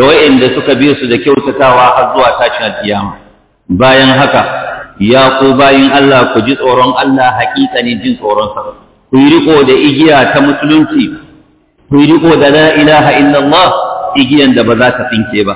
da wa'inda suka bi su da kyautatawa har zuwa tashin alkiyama bayan haka ya ku bayin Allah ku ji tsoron Allah haƙiƙanin jin tsoronsa ku yi riko da igiya ta musulunci ku yi riko da la ilaha illallah igiyan da ba za ta tsinke ba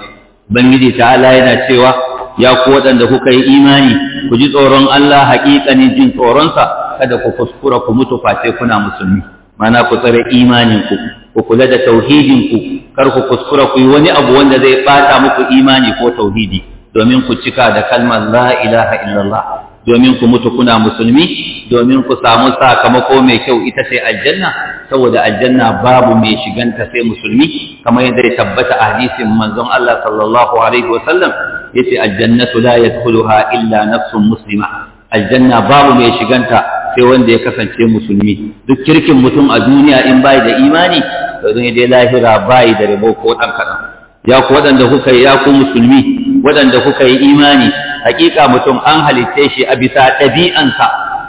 bangiji allah yana cewa ya ku waɗanda kuka yi imani ku ji tsoron Allah haƙiƙanin jin tsoronsa kada ku kuskura ku mutu face kuna musulmi mana ku tsare imaninku ku kula da tauhidinku kar ku kuskura ku yi wani abu wanda zai bata muku imani ko tauhidi domin ku cika da kalmar la ilaha illallah domin ku mutu kuna musulmi domin ku samu sakamako mai kyau ita sai aljanna saboda aljanna babu mai shiganta sai musulmi kamar yadda ya tabbata a hadisin manzon Allah sallallahu alaihi wasallam yace aljannatu la yadkhuluha illa nafsun muslima aljanna babu mai shiganta sai wanda ya kasance musulmi duk kirkin mutum a duniya in bai da imani to zai dai lahira bai da rabo ko dan kadan ya ku kuka yi ya ku musulmi waɗanda kuka yi imani hakika mutum an halitte shi a bisa ɗabi'ansa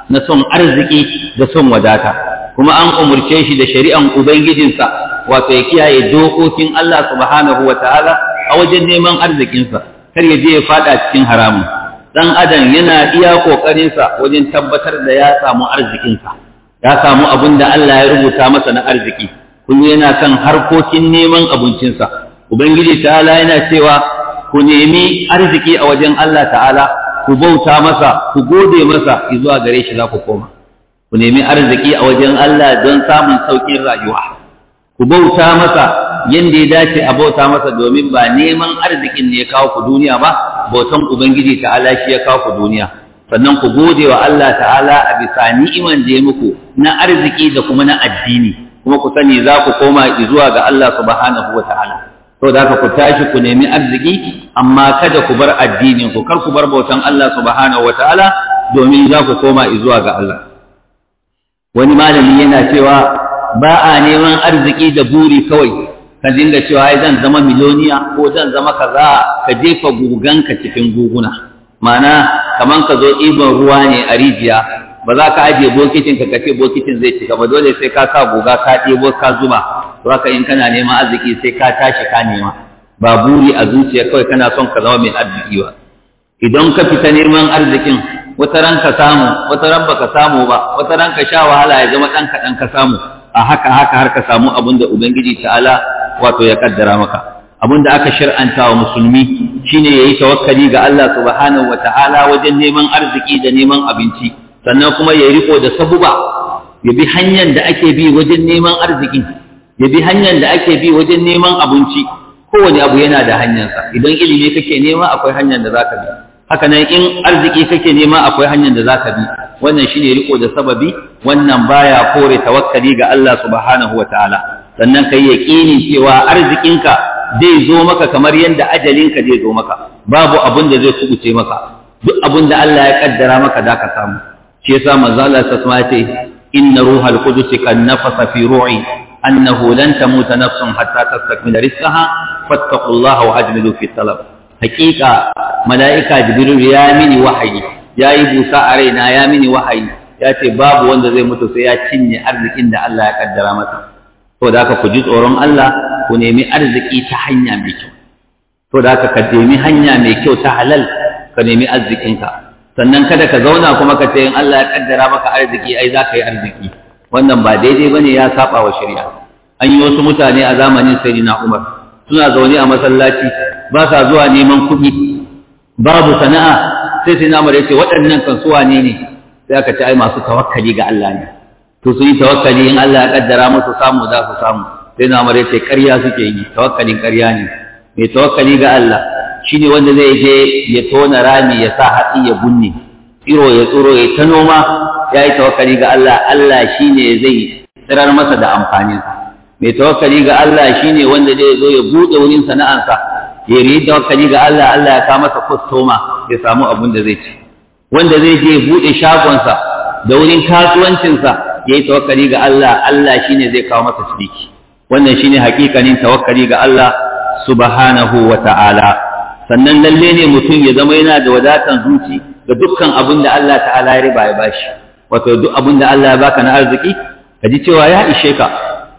na son arziki da son wadata kuma an umurce shi da shari'an ubangijinsa wato ya kiyaye dokokin Allah subhanahu wataala a wajen neman arzikinsa kar ya je ya fada cikin haramun dan adam yana iya kokarinsa wajen tabbatar da ya samu arzikinsa ya samu abin da Allah ya rubuta masa na arziki kullu yana kan harkokin neman abincinsa ubangiji ta'ala yana cewa ku nemi arziki a wajen Allah ta'ala ku bauta masa ku gode masa zuwa gare shi za ku koma ku nemi arziki a wajen Allah don samun saukin rayuwa ku bauta masa yanda ya dace a bauta masa domin ba neman arzikin ne ya kawo ku duniya ba bautan ubangiji ta'ala shi ya kawo duniya sannan ku gode wa Allah ta'ala a bisa ni'iman da ya muku na arziki da kuma na addini kuma ku sani za ku koma zuwa ga Allah subhanahu wa ta'ala to da ku tashi ku nemi arziki amma kada ku bar addinin ku kar ku bar bautan Allah subhanahu wa ta'ala domin za ku koma zuwa ga Allah wani malami yana cewa ba a neman arziki da buri kawai ka dinga cewa ai zan zama miloniya ko zan zama kaza ka jefa guganka cikin guguna ma'ana kaman ka zo iban ruwa ne a rijiya ba za ka ajiye bokitin ka kace bokitin zai cika ba dole sai ka sa guga ka ɗebo ka zuba to haka in kana neman arziki sai ka tashi ka nema ba buri a zuciya kawai kana son ka zama mai arziki ba idan ka fita neman arzikin wata ran ka samu wata ran baka samu ba wata ran ka sha wahala ya zama ɗan kaɗan ka samu a haka haka har ka samu abin da ubangiji ta'ala wato ya kaddara maka da aka shir'anta wa musulmi shine yayi tawakkali ga Allah subhanahu ta'ala wajen neman arziki da neman abinci sannan kuma ya riko da sabuba ya bi hanyar da ake bi wajen neman arziki ya bi hanyar da ake bi wajen neman abinci kowane abu yana da hanyarsa idan ilimi kake nema akwai hanyar da zaka bi haka nan in arziki kake nema akwai hanyar da zaka bi wannan shine riko da sababi wannan baya kore tawakkali ga Allah subhanahu ta'ala sannan kai yaqini cewa arzikinka zai zo maka kamar yadda ajalinka zai zo maka babu abin da zai kubuce maka duk abin da Allah ya kaddara maka za ka samu shi yasa manzo Allah sasma ya ce inna ruhal qudus kan nafasa fi ru'i annahu lan tamuta nafsun hatta tastakmila rizqaha fattaqullaha wa ajmilu fi talab hakika mala'ika jibril ya mini wahayi ya yi busa a raina ya mini wahayi ya ce babu wanda zai mutu sai ya cinye arzikin da Allah ya kaddara masa to da ka ku ji tsoron Allah ku nemi arziki ta hanya mai kyau to da ka nemi hanya mai kyau ta halal ka nemi arzikinka sannan kada ka zauna kuma ka ce in Allah ya kaddara maka arziki ai za ka yi arziki wannan ba daidai bane ya saba wa shari'a an yi wasu mutane a zamanin sayyidina Umar suna zaune a masallaci ba sa zuwa neman kuɗi babu sana'a sai sayyidina Umar ya ce waɗannan kan suwa ne ne sai aka ce ai masu tawakkali ga Allah ne to su yi tawakkali in Allah ya kaddara musu samu za su samu sai na amare ce ƙarya suke yi tawakkalin ƙarya ne mai tawakkali ga Allah shine wanda zai je ya tona rami ya sa hatsi ya bunne tsiro ya tsiro ya ta noma ya yi tawakkali ga Allah Allah shine zai tsirar masa da amfaninsa mai tawakkali ga Allah shine wanda zai zo ya buɗe wurin sana'arsa ya yi tawakkali ga Allah Allah ya kawo masa kwastoma ya samu abin da zai ci wanda zai je ya buɗe shagonsa da wurin kasuwancinsa yayi tawakkali ga Allah Allah shine zai kawo masa ciniki wannan shine hakikanin tawakkali ga Allah subhanahu wa ta'ala sannan lalle ne mutum ya zama yana da wadatan zuci ga dukkan abin da Allah ta'ala ya riba ya bashi wato duk abin da Allah ya baka na arziki ka ji cewa ya ishe ka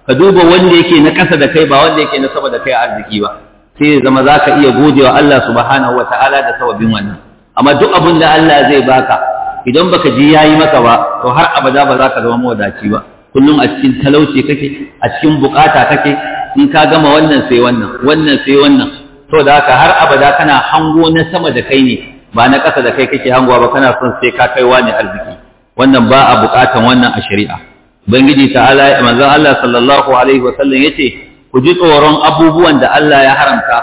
ka duba wanda yake na ƙasa da kai ba wanda yake na sama da kai a arziki ba sai ya zama zaka iya wa Allah subhanahu wa ta'ala da sababin wannan amma duk abin da Allah zai baka idan baka ji yayi maka ba to har abada ba za ka zama mawadaci ba kullum a cikin talauci kake a cikin bukata kake in ka gama wannan sai wannan wannan sai wannan to da haka har abada kana hango na sama da kai ne ba na ƙasa da kai kake hangowa ba kana son sai ka kai wani arziki wannan ba a bukatan wannan a shari'a ubangiji ta'ala manzon Allah sallallahu alaihi wa sallam yace ku ji tsoron abubuwan da Allah ya haramta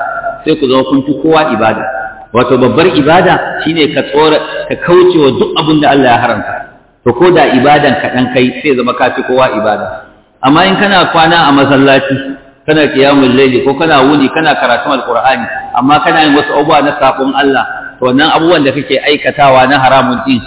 sai ku zama kun kowa ibada wato babbar ibada shine ka tsora ka kauce wa duk abin da Allah ya haramta to ko da ibadan kaɗan kai sai zama ka fi kowa ibada amma in kana kwana a masallaci kana kiyamun laili ko kana wuni kana karatun alqur'ani amma kana yin wasu abubuwa na sabon Allah to wannan abubuwan da kake aikatawa na haramun din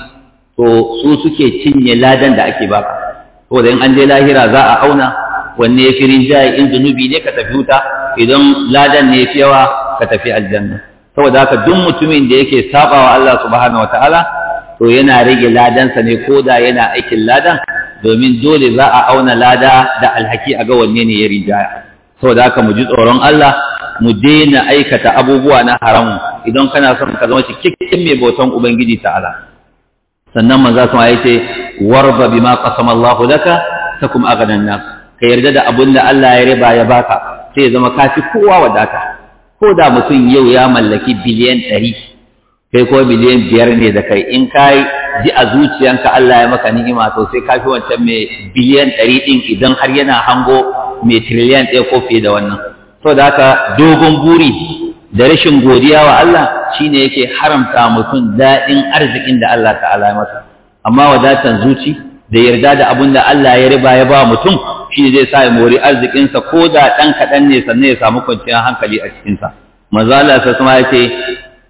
to su suke cinye ladan da ake baka to da in an je lahira za a auna wanne ya fi rinjaye in zunubi ne ka tafi wuta idan ladan ne ya fi yawa ka tafi aljanna saboda haka duk mutumin da yake wa Allah subhanahu wataala to yana rage ladansa ne ko da yana aikin ladan domin dole za a auna lada da alhaki a ga wanne ne ya rijaya saboda haka mu ji tsoron Allah mu daina aikata abubuwa na haramu idan kana son ka zama cikakken mai bautan ubangiji ta'ala sannan manzo sun ya ce warba bima qasama Allahu laka takum aghnan nas ka yarda da abun da Allah ya riba ya baka sai ya zama kafi kowa wadata ko da mutum yau ya mallaki biliyan ɗari kai ko biliyan biyar ne da kai in ka ji a zuciyanka Allah ya maka ni'ima to sai ka fi wancan mai biliyan ɗari ɗin idan har yana hango mai tiriliyan ɗaya ko fiye da wannan to da haka dogon buri da rashin godiya wa Allah shine yake haramta mutum daɗin arzikin da Allah ta'ala ya masa amma wadatan zuci da yarda da abin da Allah ya riba ya ba mutum shi zai sa ya mori arzikinsa ko da ɗan kaɗan ne sannan ya samu kwanciyar hankali a cikinsa mazala sa kuma ya ce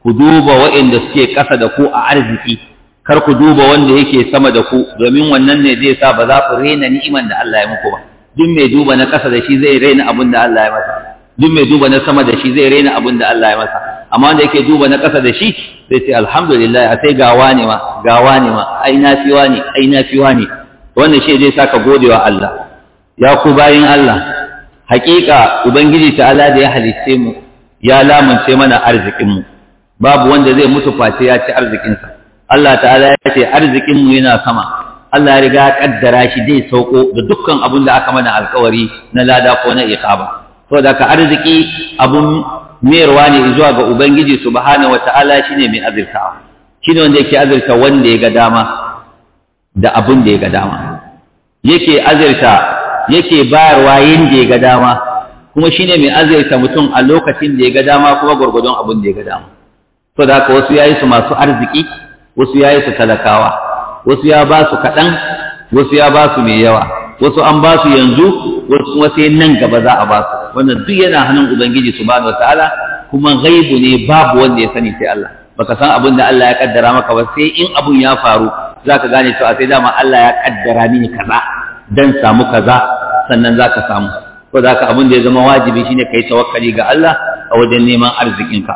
ku duba waɗanda suke ƙasa da ku a arziki kar ku duba wanda yake sama da ku domin wannan ne zai sa ba za ku raina ni'iman da Allah ya muku ba duk mai duba na ƙasa da shi zai raina abin da Allah ya masa duk mai duba na sama da shi zai raina abin da Allah ya masa amma wanda yake duba na ƙasa da shi sai ce alhamdulillah a sai gawa ne ma gawa ne ma ai na fiwa ne ai na fiwa ne wannan shi zai saka godewa Allah ya ku bayin Allah hakika ubangiji ta'ala da ya halitte mu ya lamunce mana arzikin mu babu wanda zai mutu face ya ci arzikinsa Allah ta'ala ya ce arzikin mu yana sama Allah ya riga kaddara shi zai sauko da dukkan abin da aka mana alkawari na lada ko na iqaba saboda ka arziki abun mayarwa ne zuwa ga ubangiji subhanahu wataala shine mai azirta shine wanda yake azirta wanda ya ga dama da abin da ya ga dama yake azirta yake bayarwa da ya ga dama kuma shine mai azirta mutum a lokacin da ya ga dama kuma gwargwadon abin da ya ga dama to da haka wasu yayi su masu arziki wasu yayi su talakawa wasu ya ba su kaɗan wasu ya ba su mai yawa wasu an ba su yanzu wasu kuma sai nan gaba za a ba su wannan duk yana hannun ubangiji subhanahu wataala kuma ghaibu ne babu wanda ya sani sai Allah baka san abin da Allah ya kaddara maka ba sai in abun ya faru zaka gane cewa sai dama Allah ya kaddara mini kaza dan samu kaza sannan zaka samu ko zaka abin da ya zama wajibi shine kai tawakkali ga Allah a wajen neman arzikinka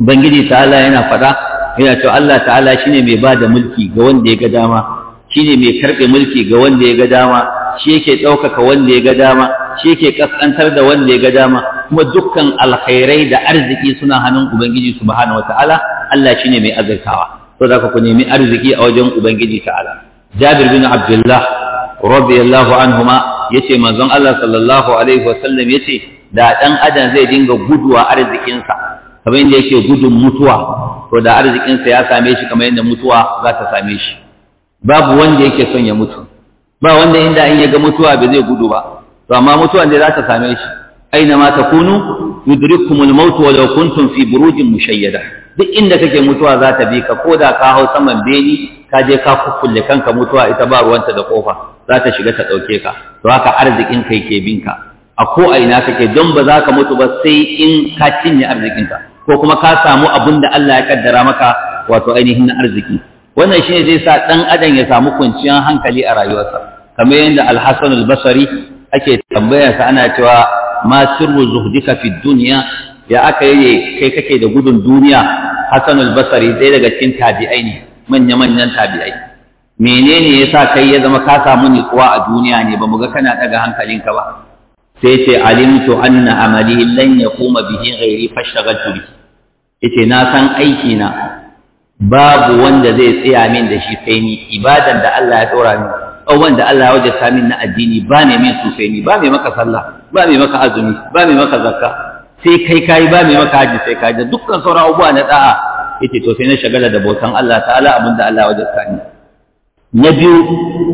ubangiji ta'ala yana faɗa yana cewa Allah ta'ala shine mai ba da mulki ga wanda ya ga dama shine mai karɓe mulki ga wanda ya ga dama shi yake ɗaukaka wanda ya ga dama shi yake kaskantar da wanda ya ga dama kuma dukkan alkhairai da arziki suna hannun ubangiji subhanahu wataala Allah shine mai azurtawa to zaka ku nemi arziki a wajen ubangiji ta'ala Jabir bin Abdullah radiyallahu anhuma yace manzon Allah sallallahu alaihi wasallam yace da dan adam zai dinga guduwa arzikinsa kamar yake gudun mutuwa to da arzikinsa ya same shi kamar yadda mutuwa za ta same shi babu wanda yake son ya mutu ba wanda inda an ya ga mutuwa ba zai gudu ba to amma mutuwa ne za ta same shi aina ma takunu yudrikumul maut law kuntum fi burujin mushayyada duk inda kake mutuwa za ta bi ka da ka hau saman beni ka je ka kukkulle kanka mutuwa ita ba ruwanta da kofa za ta shiga ta dauke ka to haka arzikin kai ke binka a ko a ina kake don ba za ka mutu ba sai in ka cinye arzikinka ko kuma ka samu abin da Allah ya kaddara maka wato ainihin na arziki wannan shine zai sa ɗan adam ya samu kwanciyar hankali a rayuwarsa kamar yadda Alhassan hasan ake tambayarsa ana cewa ma sirru zuhdika fi dunya ya aka yi kai kake da gudun duniya Hassan al-Basri daga cikin tabi'ai ne manya manyan tabi'ai menene yasa kai ya zama ka samu nutsuwa a duniya ne ba mu ga kana daga hankalinka ba sai ce alimtu anna amali lan yaquma bihi ghairi fashtagaltu bihi yace na san aiki na babu wanda zai tsaya min da shi sai ni ibadan da Allah ya dora min abubuwan da Allah ya wajabta min na addini ba ne min su sai ni ba mai maka sallah ba mai maka azumi ba mai maka zakka sai kai kai ba mai maka haji sai kai da dukkan sauran abubuwa na da'a yace to sai na shagala da bautan Allah ta'ala abin Allah ya wajabta ni na biyu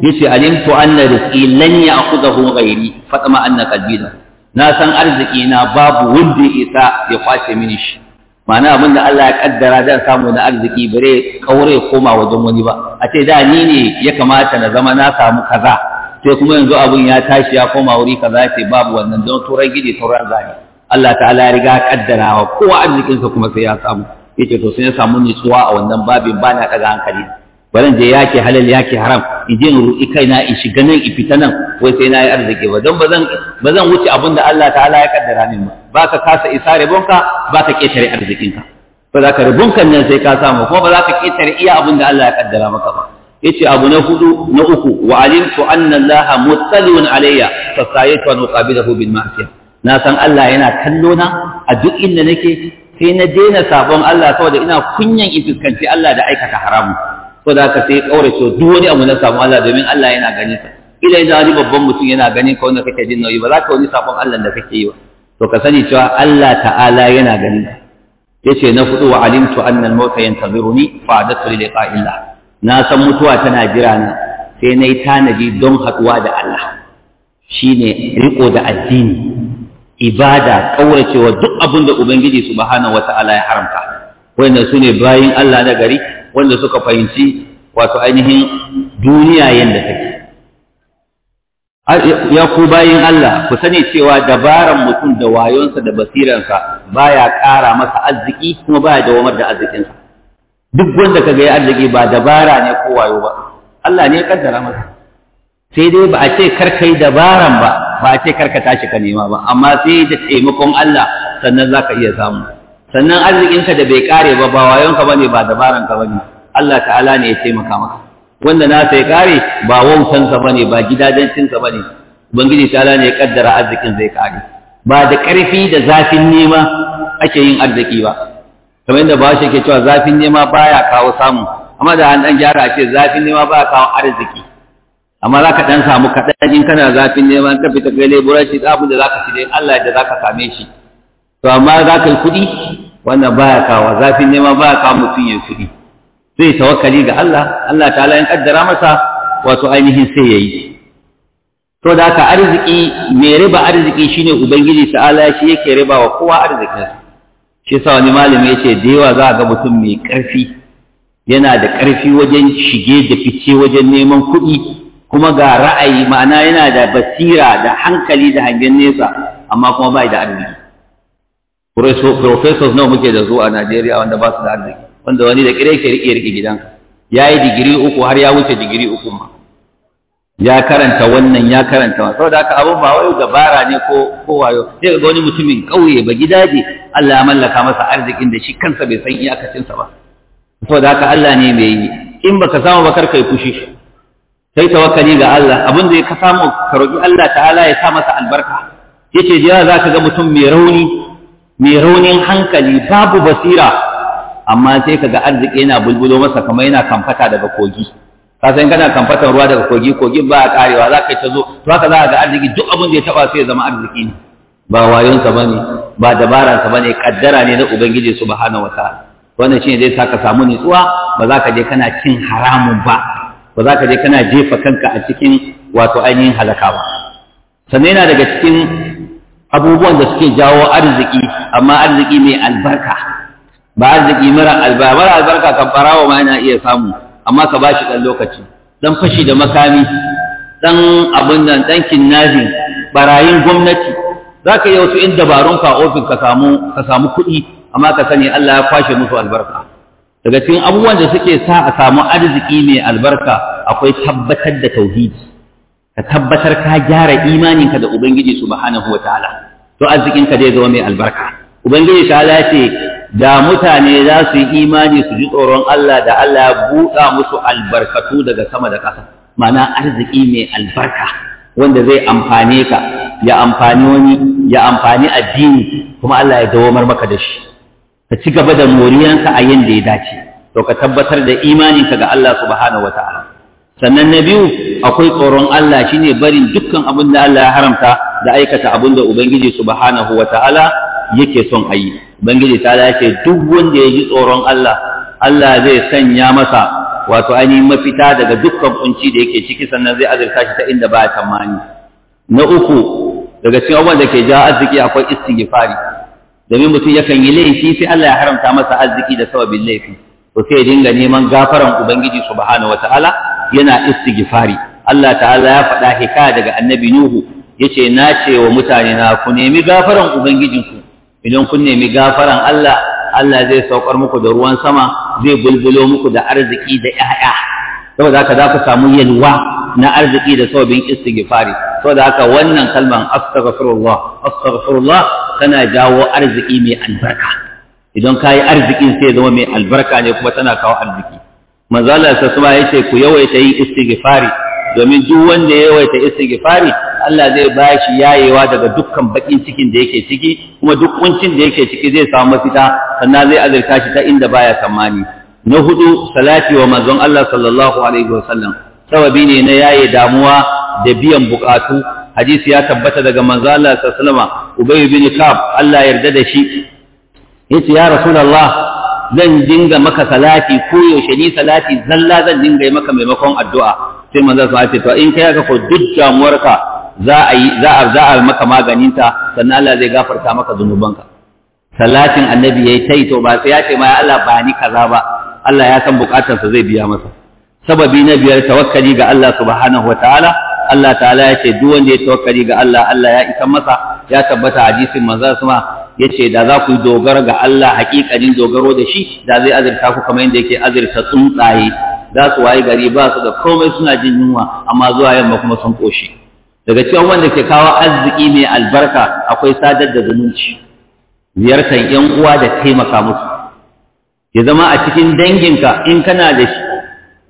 yace alimtu anna rizqi lan ya'khudhahu ghairi fatama anna qalbina na san arziki na babu wanda isa ya kwace mini shi ma'ana abin da Allah ya kaddara zan samu na arziki bare kaure koma wajen wani ba a ce da ni ne ya kamata na zama na samu kaza sai kuma yanzu abin ya tashi ya koma wuri kaza ce babu wannan don turan gidi turan zani Allah ta'ala ya riga kaddara wa kowa arzikinsa kuma sai ya samu yace to sai ya samu nutsuwa a wannan babin bana na daga hankali baran je yake halal yake haram in rui kaina in shiga nan in fita nan wai sai na yi arziki ba don ba zan wuce abin da Allah ta'ala ya kaddara min ba ba ka kasa isa rabonka ba ka ƙetare arzikinka ba za ka rabonka nan sai ka samu kuma ba za ka ƙetare iya abin da Allah ya kaddara maka ba yace abu na hudu na uku wa alimtu anna Allah mutsalun alayya fa sayyitu an uqabilahu bil ma'siyah na san Allah yana kallo na a duk inda nake sai na daina sabon Allah saboda ina kunyan in fuskanci Allah da aikata haramu ko za ka sai kaurace duk wani abu na samu Allah domin Allah yana ganin sa. idan da wani babban mutum yana ganin ka wanda kake jin nauyi ba za ka wani sabon Allah da kake yi ba to ka sani cewa Allah ta'ala yana ganin ka yace na fudu wa alimtu anna al-mauta yantaziruni fa adatu li liqa'illah na san mutuwa tana jira na sai nayi tanaji don haduwa da Allah shine riko da addini ibada kauracewa duk abin da ubangiji subhanahu wataala ya haramta wannan sune bayin Allah na gari wanda suka fahimci wato ainihin duniya yadda take ya ku bayin Allah ku sani cewa dabaran mutum da wayonsa da basiransa baya ƙara masa arziki kuma baya dawamar da arzikinsa duk wanda kaga ya arziki ba dabara ne ko wayo ba Allah ne ya kaddara masa sai dai ba a ce kar kai dabaran ba ba a ce kar ka tashi ka nema ba amma sai da taimakon Allah sannan zaka iya samu sannan arzikinka da bai kare ba ba wayonka bane ba dabaranka bane Allah ta'ala ne ya taimaka maka wanda na sai kare ba ka bane ba ka bane ubangiji ta'ala ne ya kaddara arzikin zai kare ba da karfi da zafin nema ake yin arziki ba kamar yadda bawo ke cewa zafin nema baya kawo samu amma da an dan gyara a ce zafin nema baya kawo arziki amma za ka ɗan samu kaɗan in kana zafin nema ka fita kai leburanci da abin da za ka ci dai Allah da za ka same shi to amma za ka yi kuɗi wannan baya kawa zafin nema baya kawo mutum ya kuɗi zai tawakkali ga Allah Allah ta'ala ya ƙaddara masa wato ainihin sai ya yi to da haka arziki mai riba arziki shine ubangiji ta'ala shi yake riba wa kowa arzikinsa shi sa wani malami yace da yawa za a ga mutum mai ƙarfi yana da ƙarfi wajen shige da fice wajen neman kuɗi kuma ga ra'ayi ma'ana yana da basira da hankali da hangen nesa amma kuma bai da arziki professors nawa muke da su a Najeriya wanda ba su da arziki wanda wani da kire ke rike rike gidanka ya yi digiri uku har ya wuce digiri uku ma ya karanta wannan ya karanta wannan saboda haka abun ba wai dabara ne ko ko wayo sai ga wani mutumin kauye ba gidaje Allah ya mallaka masa arzikin da shi kansa bai san iyakacin sa ba saboda haka Allah ne mai yi in baka samu ba karkai yi fushi sai tawakkali ga Allah abin da ka samu ka roki Allah ta'ala ya sa masa albarka yace jiya za ka ga mutum mai rauni mai raunin hankali babu basira amma sai ka ga arziki yana bulbulo masa kamar yana kamfata daga kogi ka san kana kamfatan ruwa daga kogi kogin ba a karewa za ka ta zo to haka za ka ga arziki duk abin da ya taba sai ya zama arziki ne ba wayonsa bane ba dabaransa bane kaddara ne na ubangiji subhanahu ta'ala wannan shine zai saka samu nutsuwa ba za ka je kana cin haramun ba ba za ka je kana jefa kanka a cikin wato ainihin halaka ba sannan yana daga cikin abubuwan da suke jawo arziki amma arziki mai albarka ba arziki mara albarka mara albarka kan farawa ma yana iya samu amma ka bashi dan lokaci dan fashi da makami dan abun nan dan kinnazi barayin gwamnati zaka yi wasu in dabarun ka ofin ka samu ka samu kuɗi amma ka sani Allah ya kwashe musu albarka daga cikin abubuwan da suke sa a samu arziki mai albarka akwai tabbatar da tauhidi ka tabbatar ka gyara imaninka da ubangiji subhanahu wataala to arzikinka zai zama mai albarka ubangiji ta ce da mutane za su yi imani su ji tsoron Allah da Allah ya buɗa musu albarkatu daga sama da ƙasa ma'ana arziki mai albarka wanda zai amfane ka ya amfani wani ya amfani addini kuma Allah ya dawamar maka da shi ka ci gaba da moriyansa a yanda ya dace to ka tabbatar da imaninka ga Allah subhanahu wataala sannan na biyu akwai tsoron Allah shine barin dukkan abin da Allah ya haramta da aikata abin da ubangiji subhanahu ta'ala yake son yi. ubangiji ta ce duk wanda ya ji tsoron Allah Allah zai sanya masa wato ainihin mafita daga dukkan kunci da yake ciki sannan zai azurta shi ta inda ba tamani na uku daga cikin abubuwan da ke jawo arziki akwai istighfari domin mutum yakan yi laifi sai Allah ya haramta masa arziki da sababin laifi to sai ya dinga neman gafaran ubangiji subhanahu ta'ala. yana istighfari Allah ta'ala ya faɗa hikaya daga annabi Nuhu yace na ce wa mutane na ku nemi gafaran ubangijinku idan kun nemi gafaran Allah Allah zai saukar muku da ruwan sama zai bulbulo muku da arziki da ƴaƴa saboda haka za ku samu yalwa na arziki da sabbin istighfari saboda haka wannan kalman astaghfirullah astaghfirullah tana jawo arziki mai albarka idan kayi arzikin sai zama mai albarka ne kuma tana kawo arziki manzala ta kuma ya ce ku yawaita yi istighfari domin duk wanda ya yawaita istighfari Allah zai ba shi yayewa daga dukkan bakin cikin da yake ciki kuma duk kuncin da yake ciki zai samu mafita sannan zai azurta shi ta inda baya tsammani na hudu salati wa manzon Allah sallallahu alaihi wasallam sababi ne na yaye damuwa da biyan bukatu hadisi ya tabbata daga manzon Allah sallallahu alaihi wasallam Ubay bin kab Allah yarda da shi yace ya Rasulullah zan dinga maka salati ko yaushe ni salati zalla zan dinga yi maka maimakon addu'a sai manzo sa ce to in kai ka ko duk damuwarka za a yi za a za a maka maganinta sannan Allah zai gafarta maka zunubanka salatin annabi yayi tai to ba sai ya ce ma ya Allah ba ni kaza ba Allah ya san bukatarsa zai biya masa sababi na biyar tawakkali ga Allah subhanahu wataala Allah ta'ala ya ce duk wanda ya tawakkali ga Allah Allah ya isa masa ya tabbata hadisin manzo sama Ya ce da za ku dogara ga Allah hakikanin dogaro da shi da zai azurta ku kamar yadda yake azurta tsuntsaye za su waye gari ba su da komai suna jin yunwa amma zuwa yamma kuma sun koshi daga cikin wanda ke kawo arziki mai albarka akwai sadar da zumunci ziyartar yan uwa da taimaka musu ya zama a cikin danginka in kana da shi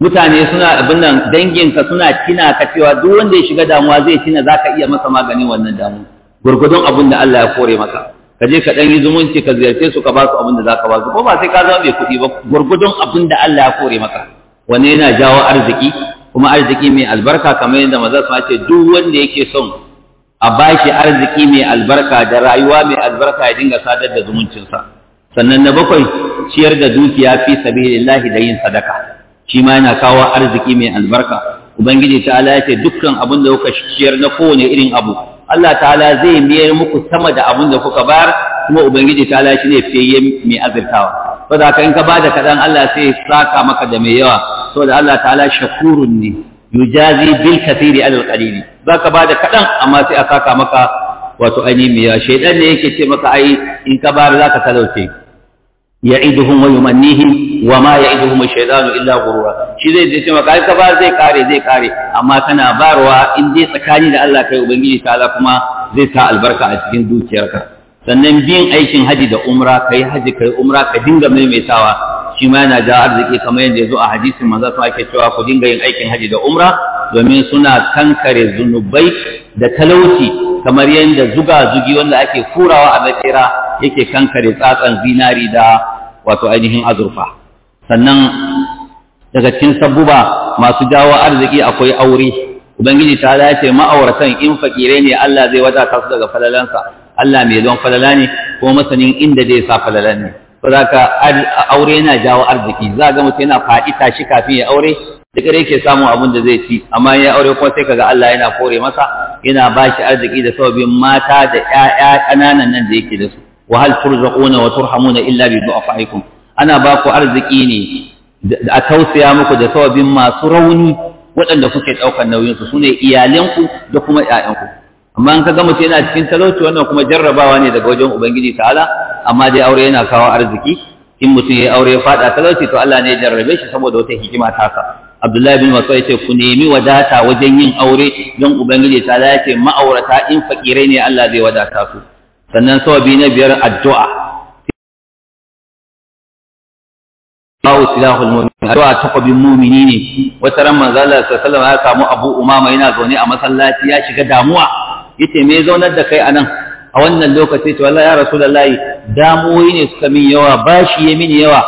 mutane suna abin nan danginka suna tina ka cewa duk wanda ya shiga damuwa zai tina za ka iya masa maganin wannan damuwa gurgudun abin da Allah ya kore maka ka je ka ɗan yi zumunci ka ziyarce su ka ba su abin da ka ba su ko ba sai ka zama mai kuɗi ba gurgudun abin da Allah ya kore maka Wani yana jawo arziki kuma arziki mai albarka kamar yadda maza su ce duk wanda yake son a bashi arziki mai albarka da rayuwa mai albarka ya dinga sadar da zumuncinsa sannan na bakwai ciyar da dukiya fi sabilillahi da yin sadaka shi ma yana kawo arziki mai albarka ubangiji ala ya ce dukkan abin da kuka ciyar na kowane irin abu Allah ta'ala zai miyar muku sama da abin da kuka bayar kuma ubangiji ala shi ne fiye mai azurtawa saboda haka in ka da kaɗan Allah sai saka maka da mai yawa saboda Allah ta'ala shakurun ne yujazi bil kasiri alal qalili zaka bada kaɗan amma sai a saka maka wato ainihin mai yawa shaidan ne yake ce maka ai in ka bayar zaka talauce ya'iduhum wa yumannihim wa ma ya'iduhum ash-shaytanu illa ghurura shi zai je cewa kai ka ba zai kare zai kare amma kana barwa in dai tsakani da Allah kai ubangiji ta'ala kuma zai sa albarka a cikin dukiyarka sannan biyan aikin haji da umra kai haji kai umra ka dinga maimaitawa shi ma yana jawo arziki kamar yadda ya zo a hadisin manzo sun ake cewa ku dinga yin aikin haji da umra domin suna kankare zunubai da talauci kamar yadda zuga zugi wanda ake furawa a bakira yake kankare tsatsan zinari da wato ainihin azurfa sannan daga cikin sabbuba masu jawo arziki akwai aure ubangiji ta dace ma'auratan in fakire ne Allah zai wadata su daga falalansa Allah mai don falala ne ko masanin inda zai sa falalan ne ba za ka aure yana jawo arziki za ga mutum yana faɗi tashi kafin ya aure da kare yake samun abin da zai ci amma ya aure kuma sai kaga Allah yana kore masa yana ba shi arziki da sababin mata da ƴaƴa ƙananan nan da yake da su wa hal turzaquna wa turhamuna illa bi du'afaikum ana ba ku arziki ne a tausaya muku da sababin masu rauni waɗanda kuke ɗaukar nauyinsu su ne iyalanku da kuma ƴaƴanku amma an ka ga mutum yana cikin talauci wannan kuma jarrabawa ne daga wajen ubangiji ta'ala amma dai aure yana kawo arziki in mutum ya aure ya fada talauci to Allah ne ya jarrabe shi saboda wata hikima ta sa Abdullahi bin Mas'ud yace ku nemi wadata wajen yin aure don ubangiji ta'ala yace ma'aurata in fakirai ne Allah zai wadata su sannan sawabi na biyar addu'a Allahu al mu'min addu'a takobin mu'mini ne wata ran manzo Allah sallallahu alaihi wasallam ya samu Abu Umama yana zaune a masallaci ya shiga damuwa yace me zaunar da kai anan a wannan lokaci to wallahi ya rasulullahi damuwoyi ne suka min yawa bashi ya min yawa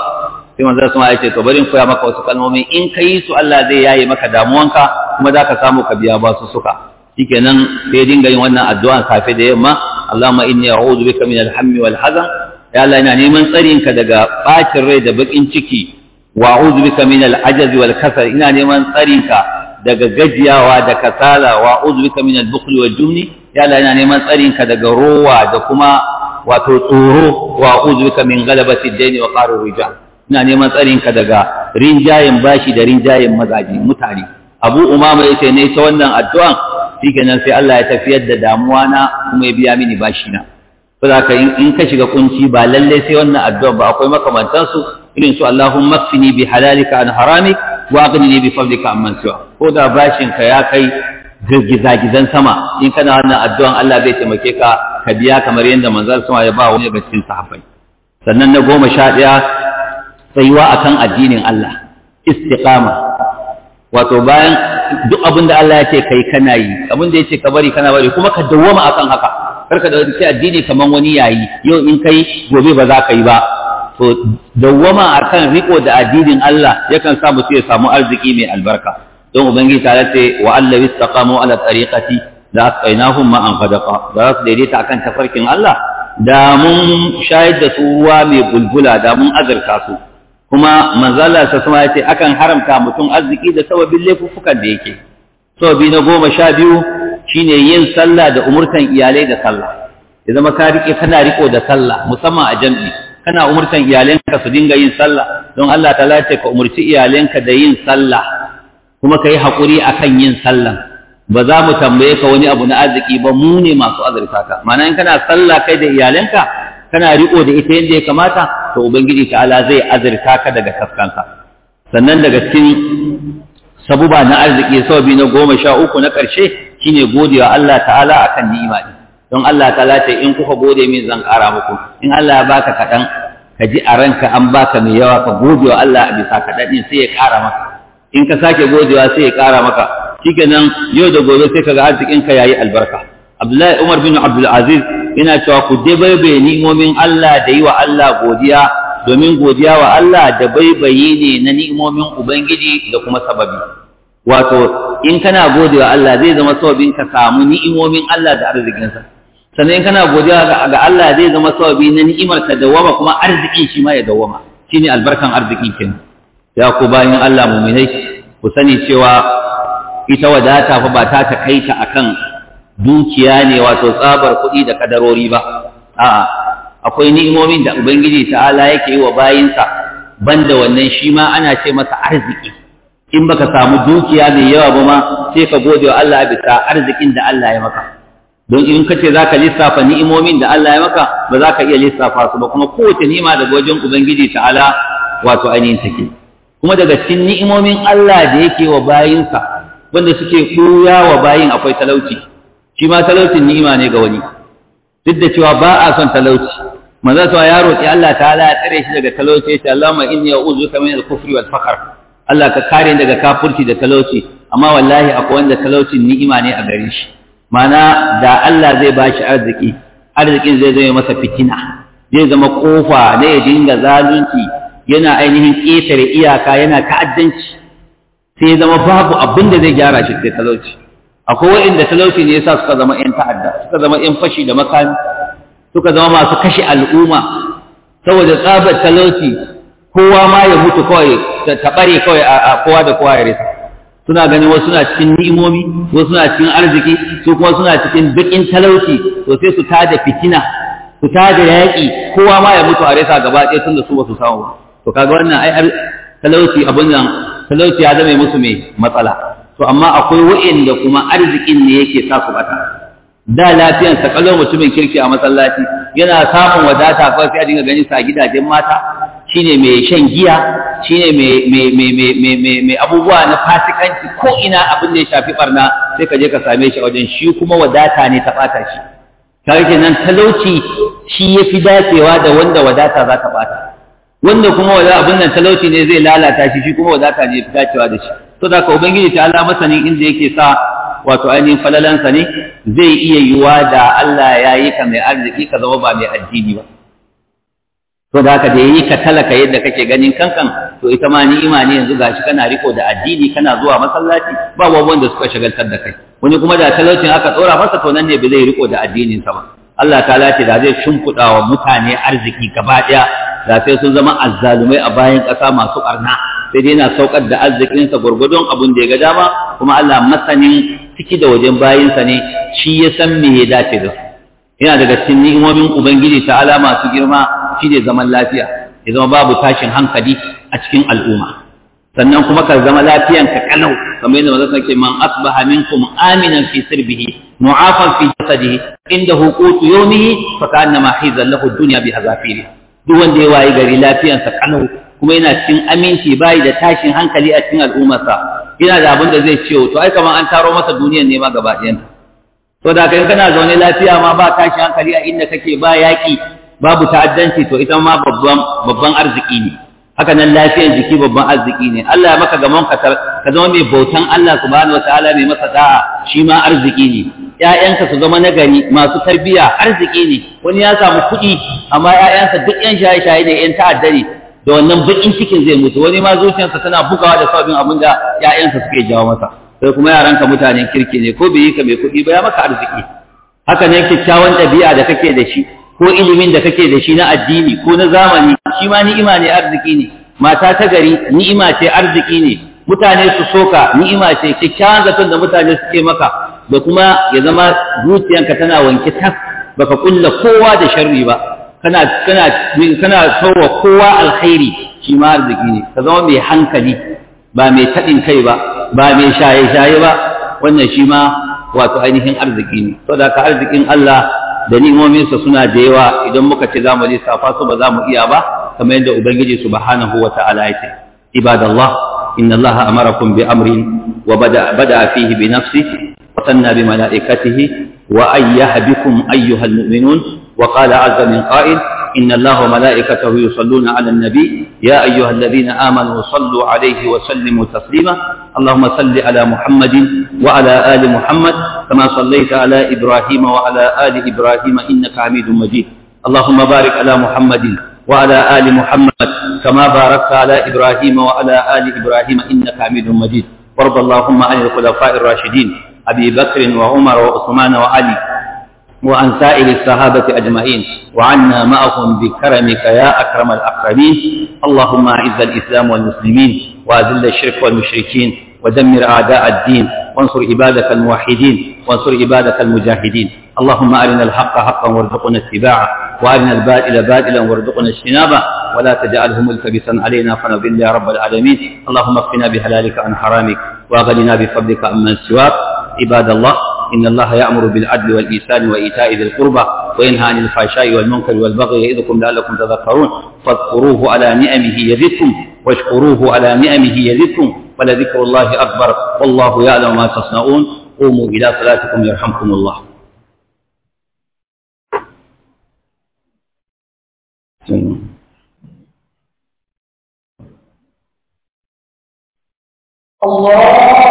sai manzo sun ayace to barin koya maka wasu kalmomi in kai su Allah zai yaye maka damuwanka kuma zaka samu ka biya basu suka shikenan sai dinga yin wannan addu'a safe da yamma Allahumma inni a'udhu bika min al-hammi wal hazan ya Allah ina neman tsarinka daga bacin rai da bakin ciki wa a'udhu bika min al wal kasal ina neman tsarinka daga gajiyawa da kasala wa a'udhu bika min al wal jumni ya Allah ina neman ka daga rowa da kuma wato tsoro wa uzuka min galabati daini wa qaru rija ina neman tsarin ka daga rinjayen bashi da rinjayen mazaji mutane abu umama yace ne ta wannan addu'an shikenan sai Allah ya tafiyar da damuwa na kuma ya biya mini bashi na saboda in ka shiga kunci ba lalle sai wannan addu'a ba akwai su irin su Allahumma fini bi halalika an haramik wa aghnini bi fadlika amma siwa ko da bashin ka ya kai girgizagizan sama in kana wannan addu'an Allah zai taimake ka ka biya kamar yadda manzon sama ya ba wani daga cikin sahabbai sannan na goma sha ɗaya tsayuwa akan addinin Allah istiqama wato bayan duk abin da Allah ya ce kai kana yi abin da ya ce ka bari kana bari kuma ka dawwama akan haka karka da wani addini kamar wani yayi yau in kai gobe ba za ka yi ba to dawwama akan riko da addinin Allah yakan sa mutum ya samu arziki mai albarka don ubangiji ta ce wa allawi istaqamu ala tariqati la asqainahum ma'an fadaqa da su daidaita akan tafarkin Allah da mun shayar da su ruwa mai bulbula da mun azurta su kuma manzala sa sama yace akan haramta mutum arziki da sababin laifuffukan da yake sababi na goma sha biyu shine yin sallah da umurtan iyalai da sallah ya zama ka rike kana riko da sallah musamman a jam'i kana umurtan iyalanka su dinga yin sallah don Allah ta lace ka umurci iyalanka da yin sallah kuma ka yi haƙuri a kan yin sallan ba za mu tambaye ka wani abu na arziki ba mu ne masu azurka ka ma'ana in kana sallah kai da iyalanka kana riƙo da ita yadda ya kamata to ubangiji Ala zai azurta ka daga kaskanka sannan daga cikin sabuba na arziki sababi na goma sha uku na ƙarshe shine godewa Allah ta'ala akan ni'ima din don Allah ta'ala ce in kuka gode min zan ƙara muku in Allah ya baka kaɗan ka ji a ranka an baka mai yawa ka gode wa Allah a bisa kaɗan ɗin sai ya ƙara maka in ka sake godewa sai ya ƙara maka shikenan yau da gobe sai kaga arzikin ka yayi albarka Abdullahi Umar bin Abdul Aziz yana cewa ku dabaibaye ni'imomin Allah da yi wa Allah godiya domin godiya wa Allah da baibaye ne na ni'imomin Ubangiji da kuma sababi wato in kana godewa Allah zai zama sababin ka samu ni'imomin Allah da arzikinsa sannan in kana godiya ga Allah zai zama sababi na ni'imarka ka dawama kuma arzikin shi ma ya dawama shine albarkan arzikin kenan ya ku bayan Allah muminai ku sani cewa ita wadata fa ba ta takaita akan dukiya ne wato tsabar kuɗi da kadarori ba a'a akwai ni'imomin da ubangiji ta'ala yake yi wa bayinsa banda wannan shi ma ana ce masa arziki in baka samu dukiya mai yawa ba ma sai ka gode wa Allah bisa arzikin da Allah ya maka don in ka ce za ka lissafa ni'imomin da Allah ya maka ba za ka iya lissafa su ba kuma kowace ni'ima daga wajen Ubangiji ta'ala wato ainihin take kuma daga cikin ni'imomin Allah da yake wa bayinsa wanda suke ɓuya wa bayin akwai talauci shi ma talaucin ni'ima ne ga wani duk da cewa ba a son talauci manzo cewa ya roƙi Allah ta'ala ya tsare shi daga talauci sai Allahumma inni a'udhu min al-kufri wal fakhr Allah ka kare daga kafurci da talauci amma wallahi akwai wanda talaucin ni'ima ne a gare shi mana da Allah zai ba shi arziki arzikin zai zama masa fitina zai zama kofa ne ya dinga zalunci yana ainihin ƙetare iyaka yana ta'addanci sai zama babu abin da zai gyara shi sai talauci akwai waɗanda talauci ne yasa suka zama ƴan ta'adda suka zama ƴan fashi da makami suka zama masu kashe al'umma saboda tsabar talauci kowa ma ya mutu kawai ta ɓare kawai a kowa da kowa ya rasa suna ganin wasu suna cikin ni'imomi wasu suna cikin arziki su kuma suna cikin bakin talauci to sai su tada fitina su tada yaƙi kowa ma ya mutu a rasa gaba ɗaya tun da su ba su samu ba to kaga wannan ai talauci abun nan talauci ya zama musu mai matsala to amma akwai wa'inda kuma arzikin ne yake sa su bata da lafiyan sa kallon mutumin kirki a masallaci yana samun wadata ko sai a dinga ganin sa gidajen mata shine mai shan giya shine mai abubuwa na fasikanci ko ina abin da ya shafi barna sai ka je ka same shi a wajen shi kuma wadata ne ta bata shi kare kenan talauci shi yafi dacewa da wanda wadata za ta bata wanda kuma wala abin nan talauci ne zai lalata shi shi kuma wadata ne fi dacewa da shi to da ka ubangiji ta Allah masani inda yake sa wato ainihin falalansa ne zai iya yiwa da Allah ya yi ka mai arziki ka zama ba mai addini ba to da ka da yi ka talaka yadda kake ganin kankan to ita ma ni imani yanzu gashi kana riko da addini kana zuwa masallaci ba wanda suka shagaltar da kai wani kuma da talaucin aka tsora masa to nan ne ba zai riko da addinin sa ba Allah ta lati da zai shimfuda wa mutane arziki gaba ɗaya da sai sun zama azzalumai a bayan ƙasa masu ɓarna sai dai yana saukar da arzikinsa gwargwadon abin da ya ga dama kuma Allah masanin ciki da wajen bayinsa ne shi ya san me ya dace da su yana daga cikin ni'imomin ubangiji ta ala masu girma shi ne zaman lafiya ya zama babu tashin hankali a cikin al'umma sannan kuma ka zama lafiyan ka kalau kamar yadda manzo sake man asbaha minkum aminan fi sirbihi mu'afan fi jasadihi indahu qutu yawmihi fa kana ma hizan lahu dunya bi hazafiri duk wanda ya wayi gari lafiyansa kalau kuma yana cikin aminci bayi da tashin hankali a cikin al'ummarsa yana da abin da zai ce to ai kamar an taro masa duniyar ne ma gaba ɗayan to da kai kana zaune lafiya ma ba tashin hankali a inda kake ba yaƙi babu ta'addanci to ita ma babban babban arziki ne haka nan lafiyar jiki babban arziki ne Allah ya maka gaman ka ka zama mai bautan Allah subhanahu wataala mai masa da'a shi ma arziki ne ƴaƴanka su zama nagari masu tarbiyya arziki ne wani ya samu kuɗi amma ƴaƴansa duk ƴan shaye-shaye ne ƴan ta'adda ne da wannan baƙin cikin zai mutu wani ma zuciyarsa tana bugawa da sabin abin da ƴaƴansa suke jawo masa sai kuma yaranka mutanen kirki ne ko bai yi ka mai kuɗi ba ya maka arziki haka ne kyakkyawan ɗabi'a da kake da shi ko ilimin da kake da shi na addini ko na zamani shi ma ni'ima ne arziki ne mata ta gari ni'ima ce arziki ne mutane su soka ni'ima ce kyakkyawan zaton da mutane suke maka da kuma ya zama zuciyanka tana wanke tas baka kulla kowa da sharri ba kana kana kana sauwa kowa alkhairi shi ma arziki ne ka zama mai hankali ba mai taɗin kai ba ba mai shaye-shaye ba wannan shi ma wato ainihin arziki ne saboda ka arzikin Allah da ni'imominsa suna da yawa idan muka ce za mu lissafa su ba za mu iya ba kamar yadda ubangiji subhanahu wa ta'ala ya ce ibadallah inna allaha amarakum bi amrin wa bada bada fihi bi nafsihi wa sanna bi malaikatihi wa ayyaha bikum ayyuhal mu'minun wa qala azza min qa'il إن الله وملائكته يصلون على النبي يا أيها الذين آمنوا صلوا عليه وسلموا تسليما اللهم صل على محمد وعلى آل محمد كما صليت على إبراهيم وعلى آل إبراهيم إنك حميد مجيد اللهم بارك على محمد وعلى آل محمد كما باركت على إبراهيم وعلى آل إبراهيم إنك حميد مجيد وارض اللهم عن الخلفاء الراشدين أبي بكر وعمر وعثمان وعلي وعن سائر الصحابة أجمعين وعنا معهم بكرمك يا أكرم الأكرمين اللهم أعز الإسلام والمسلمين وأذل الشرك والمشركين ودمر أعداء الدين وانصر عبادك الموحدين وانصر عبادك المجاهدين اللهم أرنا الحق حقا وارزقنا اتباعه وارنا الى باد الى وارزقنا اجتنابه ولا تجعله ملتبسا علينا فنضل يا رب العالمين اللهم اقنا بحلالك عن حرامك واغننا بفضلك عمن سواك عباد الله إن الله يأمر بالعدل والإيسان وإيتاء ذي القربى وينهى عن الفحشاء والمنكر والبغي يعظكم لعلكم تذكرون فاذكروه على نعمه يزدكم واشكروه على نعمه يزدكم ولذكر الله أكبر والله يعلم ما تصنعون قوموا إلى صلاتكم يرحمكم الله الله